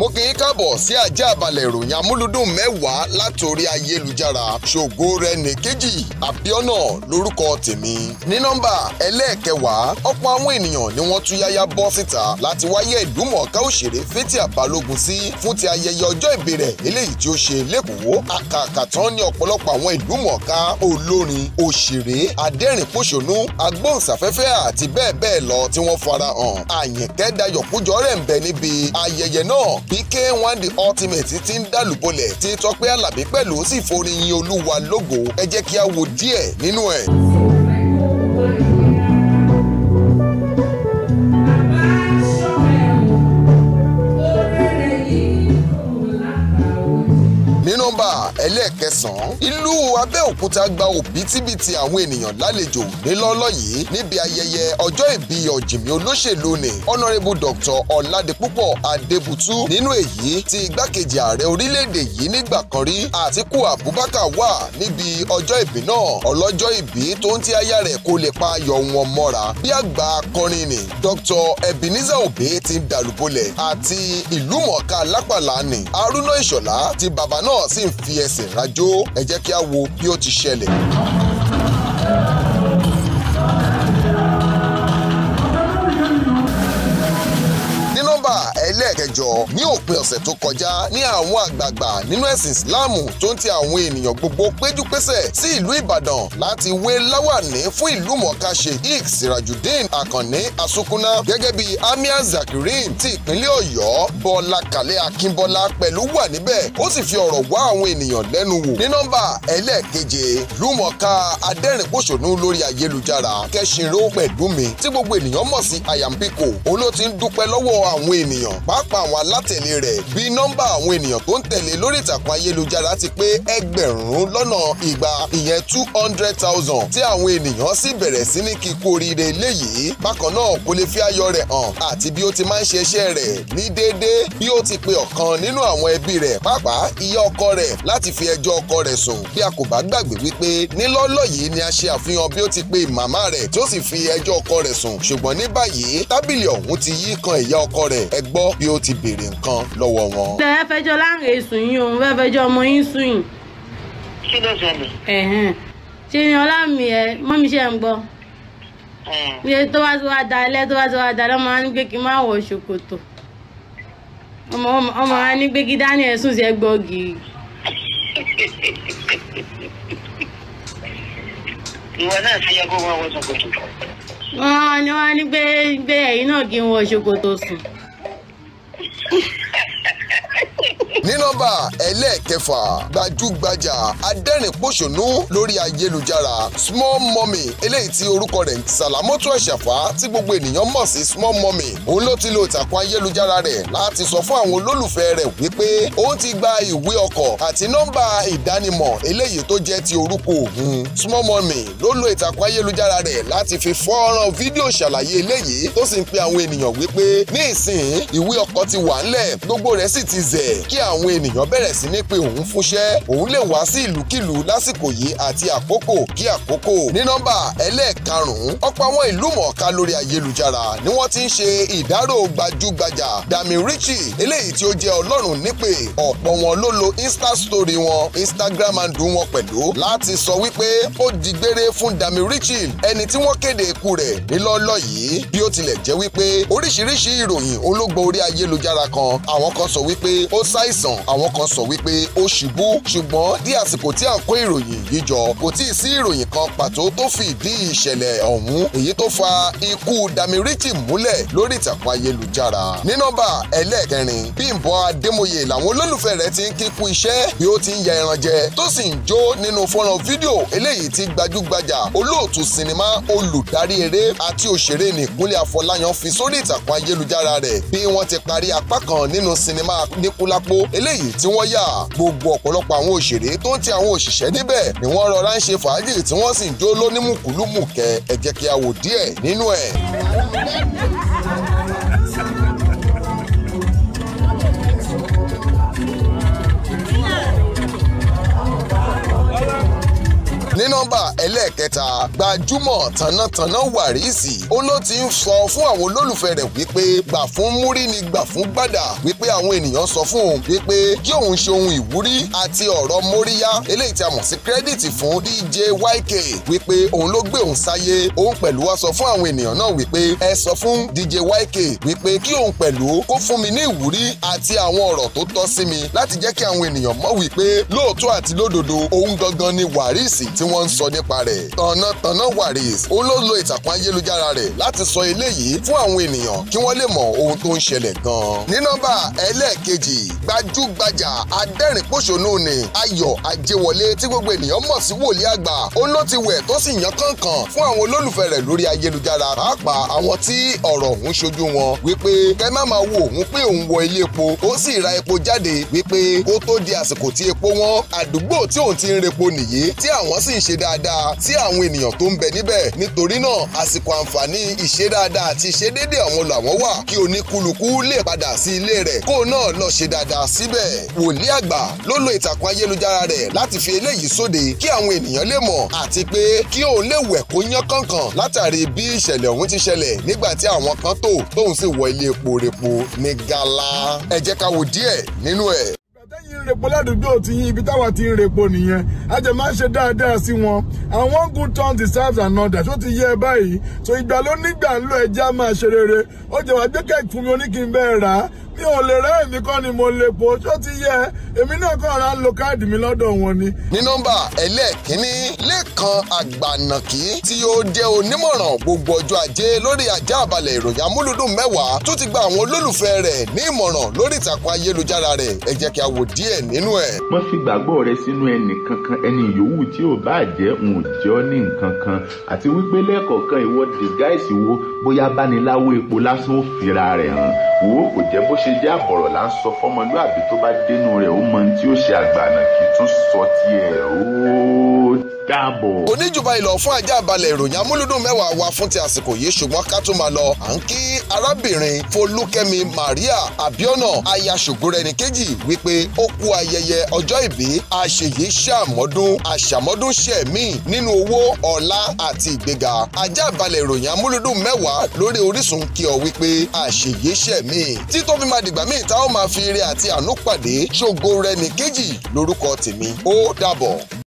mo kì í káàbọ̀ sí ajá àbàlẹ̀ ìròyìn amúlùdùn mẹ́wàá látòrí ayélujára ṣògo rẹ̀ nìkejì àbíọ́nà lórúkọ tèmi. ní nọ́mbà ẹlẹ́ẹ̀kẹwàá ọ̀pọ̀ àwọn ènìyàn ni wọ́n tún yáyá bọ́ síta láti wáyé ìdúmọ̀ọ́ká òṣèré Fathia Balogun sí fún ti ayẹyẹ ọjọ́ ìbí rẹ̀ eléyìí tí ó ṣe lẹ́kọ̀ọ́ àkàkàtàn ní ọ̀pọ̀lọpọ̀ àwọn ìdúmọ̀ọ́ká olórin òṣèré adẹ́rìnpòṣónú agbóhùnsáfẹ́fẹ́ àti fara hàn Àyìnkẹ́ Dayọ̀ Kújọ́rẹ̀ ń bẹ níbi bí K1 The Ultimate ti ń dàlúbọlẹ̀ tí Tọ́pẹ́ Àlàbí pẹ̀lú sì forin yin Olúwa lógo ẹ jẹ́ kí a wo díẹ̀ nínú ẹ̀. mẹ́sàn-án. ìlú Abẹ́òkúta gba òbítíbitì àwọn ènìyàn lálejò nílọ́lọ́ yìí níbi ayẹyẹ ọjọ́ ìbí ọ̀jìnmí olóṣèlú ni honourable dr ọ̀làdẹ́púpọ̀ adébútú nínú èyí tí igbákejì ààrẹ orílẹ̀-èdè yìí nígbà kan rí àtíkù abubakar wà níbi ọjọ́ ìbí náà ọlọ́jọ́ ìbí tó ń ti aya rẹ̀ kó lè pa ayọ̀ wọn mọ́ra bí àgbà akọrin ni dr ebenezer obe ti ń dàlúbọlẹ̀ àti ìlúmọ̀ọ́ká lápàlá ni haruna ìṣọ̀lá ti bàbá náà sì ń fi ẹsẹ̀ rajó ẹ jẹ́ kí a wo bí ó ti ṣẹlẹ̀. kẹjọ ní òpin ọ̀sẹ̀ tó kọjá ní àwọn àgbààgbà nínú ẹ̀sìn ìsìláàmù tó ń ti àwọn ènìyàn gbogbo péjúpésẹ̀ sí ìlú ìbàdàn láti wé láwàní fún ìlú mọ̀ọ́ká sheikh sirajudeen àkànní asukuna gẹ́gẹ́ bí amir zakirin ti ìpínlẹ̀ ọ̀yọ́ bọ́lá kàlẹ́ akínbọ́lá pẹ̀lú wà níbẹ̀ ó sì fi ọ̀rọ̀ wá àwọn ènìyàn lẹ́nu wò ní nọ́mbà ẹlẹ́ẹ̀keje lúmọ̀ọ́ká adẹ́rìnpòṣónú lórí ayélujára kẹ́sìnrò pẹ̀lúmi tí gbogbo ènìyàn mọ̀ sí àyàmpíkò òun ló ti ń dúpẹ́ lọ́wọ́ àwọn ènìyàn pàápàá pa àwọn alátẹ̀lé rẹ̀ bí nọ́mbà àwọn ènìyàn tó ń tẹ̀lé lórí ìtàkùn ayélujára ti pé ẹgbẹ̀rún lọ́nà ìgbà ìyẹn two hundred thousand tí àwọn ènìyàn sì bẹ̀rẹ̀ sí ní kíkú oríire eléyìí bákan náà kò lè fi ayọ̀ rẹ̀ hàn àti bí ó ti máa ń ṣe iṣẹ́ rẹ̀ ní déédéé bí ó ti pe ọ̀kan nínú àwọn ẹbí rẹ̀ pàápàá ìyá ọkọ rẹ̀ láti fi ẹjọ́ ọkọ rẹ̀ sùn bí a kò bá gbàgbé wípé nílọ́lọ́ yìí ni a ṣe àfihàn bí ó ti pe màmá rẹ̀ tí ó sì fi ẹjọ́ ọkọ rẹ̀ sùn ṣùgbọ́n ní báyìí tábìlì ọ̀hún ti yí kan ìyá ọkọ rẹ̀ ẹ gbọ́ bí ó ti béèrè nǹkan lọ́wọ́ wọn. ṣé ẹ fẹjọ́ láǹgà èsùn yín òun fẹ́ fẹjọ́ ọmọ yín sùn yìí. kí ló ṣẹlẹ̀. ṣé ni ọlámi ẹ mọ́ mi ṣe ń gbọ́. mi tó bá ti wá da ilé tó bá ti wá da ilé ọmọ wa ní pé kí n má wọ ṣòkòtò ọmọ wa ní pé kí daniel sùn sí ẹgbẹ́ ògiri. ìwọ náà ṣe yẹ kó wọn wọ ṣòkòtò. wọn ni wọn ní pé pé ẹ̀yin náà kí n wọ ṣòkòtò sùn. ní nọ́mbà ẹlẹ́ẹ̀kẹfà gbajúgbajà adẹ́rìn-pọ̀ṣọ́nù lórí ayélujára small mummy eléyìí tí orúkọ rẹ̀ sàlámọ́tò ẹ̀ṣàfà tí gbogbo ènìyàn mọ̀ sí small mummy òun ló ti lo ìtàkùn ayélujára rẹ̀ láti sọ fún àwọn olólùfẹ́ rẹ̀ wípé òun ti gba ìwé ọkọ̀ àti nọ́mbà ìdánimọ̀ eléyìí tó jẹ́ ti orúkọ òun small mummy ló lo ìtàkùn ayélujára rẹ̀ láti fi fọ́nrán fídíò ṣàlàyé eléyìí tó sì ń pe àwọn ènìyàn wípé ní ìsìn ìwé ọkọ̀ ti wà ńlẹ̀ gbogbo rẹ̀ sì ti zẹ̀ kí àwọn ènìyàn bẹ̀rẹ̀ sí ní pé òun fúnṣẹ́ òun lè wá sí ìlúkìlú lásìkò yìí àti àkókò kí àkókò ní nọ́mbà ẹlẹ́ẹ̀karùn-ún ọ̀pọ̀ àwọn ìlú mọ̀ọ́ká lórí ayélujára ni wọ́n ti ń ṣe ìdárò gbajúgbajà Dami Richie eléyìí tí ó jẹ́ ọlọ́run nípè ọ̀pọ̀ wọn ló lo insta story wọn Instagram handle wọn pẹ̀lú láti sọ wípé ó digbére fún Dami Richie ẹni tí wọ́n kéde ikú rẹ̀ nílọ́lọ́ yìí bí ó tilẹ̀ jẹ́ wípé oríṣiríṣi ìròyìn ológbò orí ayélujára kan àwọn kan sọ wípé ó ṣàìs àìsàn àwọn kan sọ wípé ó ṣubú ṣùgbọ́n di àsìkò tí à ń kó ìròyìn yìí jọ kò tí ì sí ìròyìn kan pàtó tó fi ìdí ìṣẹ̀lẹ̀ ọ̀hún èyí tó fa ikú Damirijì múlẹ̀ lórí ìtàkùn ayélujára ní nọ́mbà ẹlẹ́ẹ̀kẹrin Bímbọ́ Adémọ́yè làwọn olólùfẹ́ rẹ̀ ti ń kíkú iṣẹ́ bí ó ti ń ya ẹran jẹ tó sì ń jó nínú fọ́nrán fídíò eléyìí tí gbajúgbajà olóòtú sinimá olùdarí eré àti òṣèré nìkúnlẹ̀ Afọláyan fi sórí ìtàkùn ayélujára rẹ̀ bí wọ́n ti parí apá kan nínú sinimá Níkúlápó eléyìí tí wọ́n yà gbogbo ọ̀pọ̀lọpọ̀ àwọn òṣèré tó ń ti àwọn òṣìṣẹ́ níbẹ̀ ni wọ́n rọra ń ṣe fàájì tí wọ́n sì ń jó lónímùkúlùmùkẹ́ ẹ jẹ́ kí a wò díẹ̀ nínú ẹ̀. nọ́mbà ẹlẹ́ẹ̀kẹta gbajúmọ̀ tànàtànà Wàrísì ó ló ti ń sọ fún àwọn olólùfẹ́ rẹ̀ wípé gbà fún múrí ni gbà fún gbàdà wípé àwọn ènìyàn sọ fún òun wípé kí òun ṣe ohun ìwúrí àti ọ̀rọ̀ móríyá eléyìí tí a mọ̀ sí kírẹ́dìtì fún DJ YK wípé òun ló gbé òun sáyé òun pẹ̀lú wá sọ fún àwọn ènìyàn náà wípé ẹ sọ fún DJ YK wípé kí òun pẹ̀lú kó fún mi ní ìwúrí àti àwọn ọ̀rọ̀ tó tọ́ sí mi láti jẹ́ kí àwọn ènìyàn mọ̀ wípé lóòótọ́ àti lódodo òun gangan ni Wàrísì tí wọ́n ń s sọ nípa rẹ̀ tànà tànà waris ó ló lo ìtàkùn ayélujára rẹ̀ láti sọ eléyìí fún àwọn ènìyàn kí wọ́n lè mọ ohun tó ń ṣẹlẹ̀ gan-an. ní nọ́mbà ẹlẹ́ẹ̀kejì gbajúgbajà adẹ́rìn-pọ̀ṣónú ni ayọ̀ ajẹ́wọlé tí gbogbo ènìyàn mọ̀ sí wòlíì àgbà ó ló ti wẹ̀ tó sì yan kànkàn fún àwọn olólùfẹ́ rẹ̀ lórí ayélujára pàápàá àwọn tí ọ̀rọ̀ òun ṣojú wọn wípé kẹ́ má máa wo òun pé òun wọ ilé epo ó sì ra epo jáde wípé kó tó di àsìkò tí epo wọn àdúgbò tí òun ti ń repo nìyí tí àwọn sì ń ṣe dá dáadáa sí àwọn ènìyàn tó ń bẹ níbẹ̀ nítorí náà àsìkò àǹfààní ìṣe dáadáa àti ìṣe déédé àwọn làwọn wà kí oníkúlùkù lè padà sí ilé rẹ̀ kó náà lọ ṣe dáadáa síbẹ̀ wòlíì àgbà ló lo ìtàkùn ayélujára rẹ̀ láti fi eléyìí sóde kí àwọn ènìyàn lè mọ̀ àti pé kí òun lè wẹ̀ kó yán kànkàn látàrí bí ìṣẹ̀lẹ̀ ọ̀hún ti ṣẹlẹ̀ nígbà tí àwọn kan tò tóun sì wọ ilé epo repo ní gala ẹ ká wo díẹ̀ nínú ẹ̀ ń repo ládùúgbò tí yín ibi táwa ti ń repo nìyẹn ajẹ́ máa ń ṣe dáadáa sí wọn and one good turn deserves another tó ti yẹ ẹ báyìí so ìgbà ló nígbà ńlọ ẹja máa ṣe rere ó jẹ́ wàá gbẹ́kẹ̀ fún mi rà á mi ò lè rẹ́ èmi kọ́ ni mo lè bò ó tó ti yẹ èmi náà kàn rà lo káàdì mi lọ́dọ̀ wọn ni. ní nọ́mbà ẹlẹ́ẹ̀kínní lẹ́kan àgbànàkí tí ó jẹ́ onímọ̀ràn gbogbo ọjọ́ ajé lórí ajá àbálẹ̀ ìròyìn amúlùdùn mẹ́wàá tó ti gba àwọn olólùfẹ́ rẹ̀ ní ìmọ̀ràn lórí ìtàkùn ayélujára rẹ̀ ẹ jẹ́ kí a wò díẹ̀ nínú ẹ̀. má fi gbàgbọ́ rẹ sínú ẹnì kankan ẹni yòówù tí ò bá jẹ́ n ò jẹ́ ọ́ ní nǹkan kan àti wípé lẹ́ẹ̀kọ̀ọ̀kan ìwọ wo bóyá bániláwo epo lásán ṣe jẹ́ àbọ̀rọ̀ là ń sọ fọ́mọlúàbí tó bá dénú rẹ̀ ó mọ ohun tí ó ṣe àgbànà kì í tún sọ tiẹ̀ ó dáàbò. kò ní fún ajá balẹ̀ ìròyìn amúlùdùn mẹ́wàá wa fún ti àsìkò yìí ṣùgbọ́n ká tó máa lọ à ń kí arábìnrin Folúkẹ́mi Maria Abiona aya Ṣògorẹ̀ní kejì wípé ó kú ayẹyẹ ọjọ́ ìbí àṣeyí ṣàmọ́dún àṣàmọ́dún ṣẹ̀mí nínú owó ọlá àti ìgbéga ajá balẹ̀ ìròyìn amúlùdùn mẹ́wàá lórí Orísun kí ọ wípé àṣeyí ṣẹ̀mí